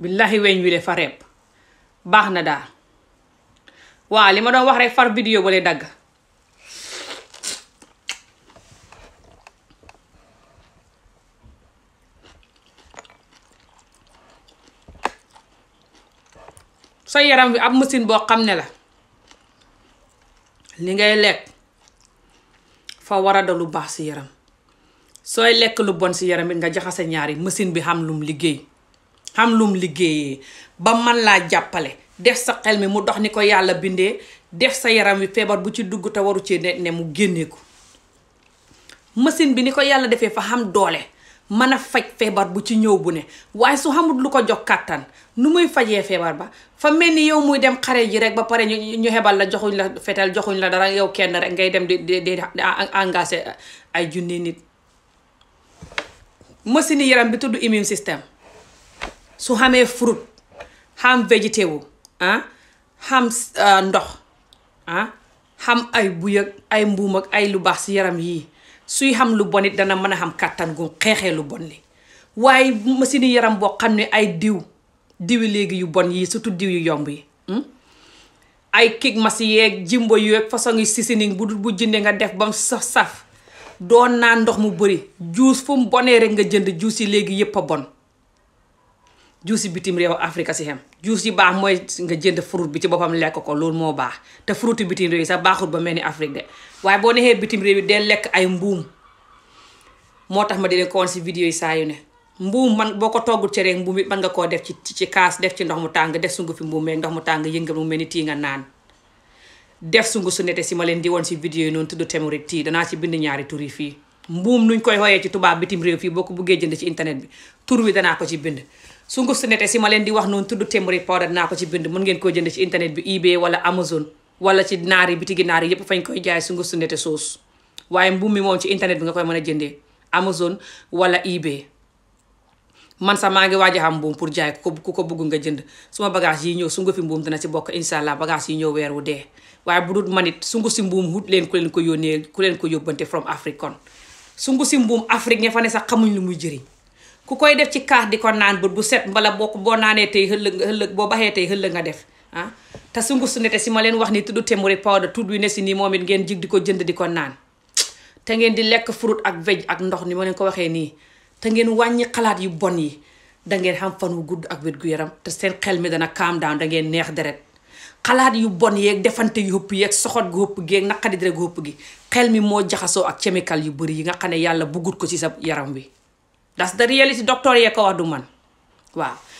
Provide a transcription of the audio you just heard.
billahi weñ wi dafa reeb baax na daal waaw li ma doon wax rek far vidéo ba lay dagg sa yaram wi ab machine boo xam ne la li ngay lekk fa war a dalu baax si yaram sooy lekk lu bon si yaram bi nga jaxase ñaari machine bi xam lum liggéey am lum liggéeyee ba man laa jàppale def sa xel mi mu dox ni ko yàlla bindee def sa yaram wi feebar bu ci dugg te waru ci ne ne mu génnee ko machine bi ni ko yàlla defee fa xam doole mën a faj feebar bu ci ñëw bu ne waaye su xamul lu ko jox kàttan nu muy fajee feebar ba fa mel ni yow muy dem xare ji rek ba pare ñu xebal la joxuñ la fetal joxuñ la dara yow kenn rek ngay dem di di di engagé ay junni nit machine yaram bi tudd immune système su xamee fruit xam végétaux ah xam euh, ndox ah, xam ay buy ak ay mbuum ay lu baax ci yaram yii suy xam lu bon it dana mën a xam kàttan gu xeexee lu bon li waaye machine yaram boo xam ne ay diw diwi léegi yu bon yi surtout diw yu yomb yi hmm? ay kig masi yeeg jimbo yeeg façon yi seasoning bu dul bu jënde nga def bam saf-saf doon naan ndox mu bëri juus fu mu bonee rek nga jënd juus yi léegi yëpp a bon juus bitim réew Afrique si xem juus yi baax mooy nga jënd fruit bi ci boppam lekk ko loolu moo baax te fruit yi bitim réew yi sax baaxul ba mel ni Afrique de waaye boo neexee bitim réew yi dee lekk ay mbuum moo tax ma di leen ko woon si vidéo yi saa yu ne mbuum man boo ko toggul cere mbuum it mën nga koo def ci ci kaas def ci ndox mu tàng def fi mbuum meeg ndox mu tàng yëngal mu mel ni tii nga naan def sungu su nete si ma leen di woon si vidéo yi noonu tudd Turmeric tea danaa ci bind ñaari tur yi fii mbuum nuñ koy xooyee ci tubaab bitim réew fii boo ko buggee jënd ci internet bi tur wi danaa ko ci bind sunguf si nete si ma leen di wax noonu tudd téeméeri powder naa ko ci bind mun ngeen koo jënd ci internet bi eBay wala Amazon wala ci naari bitigi naari yëpp fañ koy jaay sunguf si nete sauce waaye mbuum mi moom ci internet bi nga koy mën a jëndee Amazon wala eBay man sax maa ngi waaj a xam mbuum pour jaay ku ko ku ko bëgg nga jënd suma bagage yi ñëw sunguf si mbuum dana ci bokk incha allah bagage yi ñëw weer wu dee waaye bu dul manit sunguf si mbuum wut leen ku leen ko yónnee ku leen ko yóbbante from Afrique kon sunguf si mbuum Afrique ña sax xamuñ lu muy jëriñ ku koy def ci kaas di ko naan bët bu set mbala boo ko boo naanee tey xëllëg nga boo baxee tey xëllëg nga def ah te sungu su nete si ma leen wax ni tudd temori powder tudd wi ne si nii moom it ngeen jig di ko jënd di ko naan te ngeen di lekk fruit ak veg ak ndox ni ma leen ko waxee nii te ngeen wàññi xalaat yu bon yi dangeen xam fan wu gudd ak wér gu yaram te seen xel mi dana calm down da ngeen neex deret xalaat yu bon yeeg defante yu hëpp yeeg soxot gu hëpp gi yeeg gi xel mi moo jaxasoo ak chemical yu bëri yi nga xam ne yàlla buggut ko ci sa yaram wi that's the reality docteur yee ko wax du man waaw